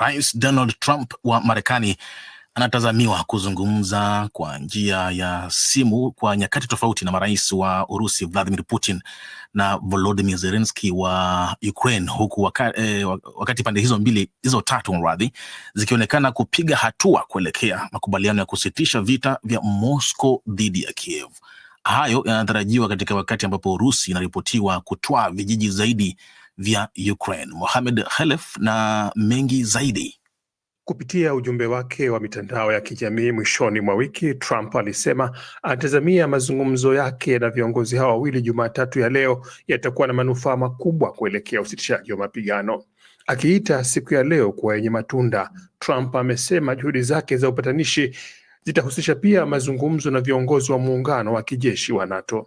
Rais Donald Trump wa Marekani anatazamiwa kuzungumza kwa njia ya simu kwa nyakati tofauti na marais wa Urusi Vladimir Putin na volodimir zelenski wa Ukraine, huku waka, eh, wakati pande hizo mbili hizo tatu mradhi zikionekana kupiga hatua kuelekea makubaliano ya kusitisha vita vya Moscow dhidi ya Kiev. Hayo yanatarajiwa katika wakati ambapo Urusi inaripotiwa kutwaa vijiji zaidi vya Ukraine. Mohamed Khelef na mengi zaidi. Kupitia ujumbe wake wa mitandao ya kijamii mwishoni mwa wiki, Trump alisema anatazamia mazungumzo yake na viongozi hao wawili Jumatatu ya leo yatakuwa na manufaa makubwa kuelekea usitishaji wa mapigano. Akiita siku ya leo kuwa yenye matunda, Trump amesema juhudi zake za upatanishi zitahusisha pia mazungumzo na viongozi wa muungano wa kijeshi wa NATO.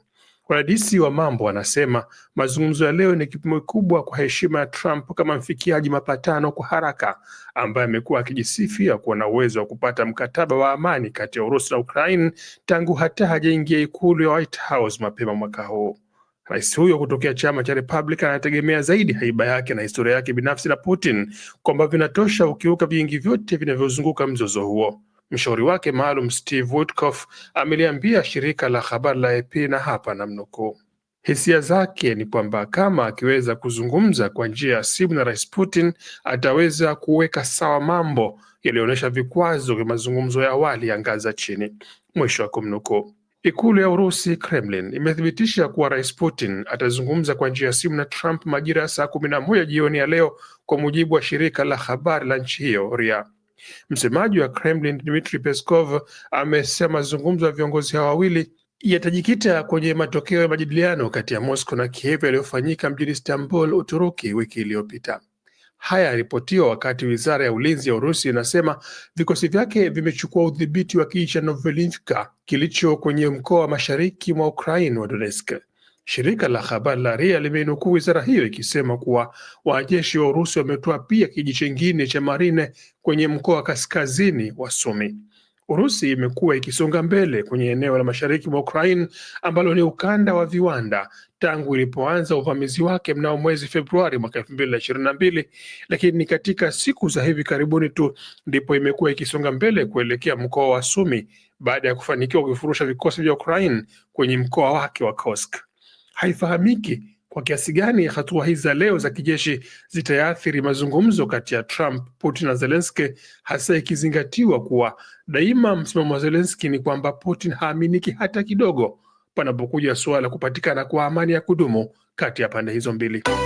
Wadadisi wa mambo wanasema mazungumzo ya leo ni kipimo kikubwa kwa heshima ya Trump kama mfikiaji mapatano kwa haraka, ambaye amekuwa akijisifia kuwa na uwezo wa kupata mkataba wa amani kati ya Urusi na Ukraine tangu hata hajaingia ikulu ya White House mapema mwaka huu. Rais huyo kutokea chama cha Republican anategemea zaidi haiba yake na historia yake binafsi na Putin kwamba vinatosha ukiuka vingi vyote vinavyozunguka mzozo huo. Mshauri wake maalum Steve Woodcock ameliambia shirika la habari la AP na hapa namnukuu, hisia zake ni kwamba kama akiweza kuzungumza kwa njia ya simu na Rais Putin ataweza kuweka sawa mambo yaliyoonyesha vikwazo vya mazungumzo ya awali ya ngazi za chini, mwisho wa kumnukuu. Ikulu ya Urusi, Kremlin, imethibitisha kuwa Rais Putin atazungumza kwa njia ya simu na Trump majira ya saa kumi na moja jioni ya leo, kwa mujibu wa shirika la habari la nchi hiyo RIA. Msemaji wa Kremlin dmitri Peskov amesema mazungumzo ya viongozi hao wawili yatajikita kwenye matokeo ya majadiliano kati ya Moscow na Kiev yaliyofanyika mjini Istanbul, Uturuki, wiki iliyopita. Haya yaripotiwa wakati wizara ya ulinzi ya Urusi inasema vikosi vyake vimechukua udhibiti wa kijiji cha Novelivka kilicho kwenye mkoa wa mashariki mwa Ukraine wa Donetsk. Shirika la habari la RIA limeinukuu wizara hiyo ikisema kuwa wanajeshi wa Urusi wametoa pia kijiji chengine cha Marine kwenye mkoa wa kaskazini wa Sumi. Urusi imekuwa ikisonga mbele kwenye eneo la mashariki mwa Ukraine ambalo ni ukanda wa viwanda tangu ilipoanza uvamizi wake mnamo mwezi Februari mwaka elfu mbili na ishirini na mbili, lakini ni katika siku za hivi karibuni tu ndipo imekuwa ikisonga mbele kuelekea mkoa wa Sumi baada ya kufanikiwa kuvifurusha vikosi vya Ukraine kwenye mkoa wake wa Kursk haifahamiki kwa kiasi gani hatua hizi za leo za kijeshi zitayaathiri mazungumzo kati ya Trump, Putin na Zelenski, hasa ikizingatiwa kuwa daima msimamo wa Zelenski ni kwamba Putin haaminiki hata kidogo panapokuja suala la kupatikana kwa amani ya kudumu kati ya pande hizo mbili.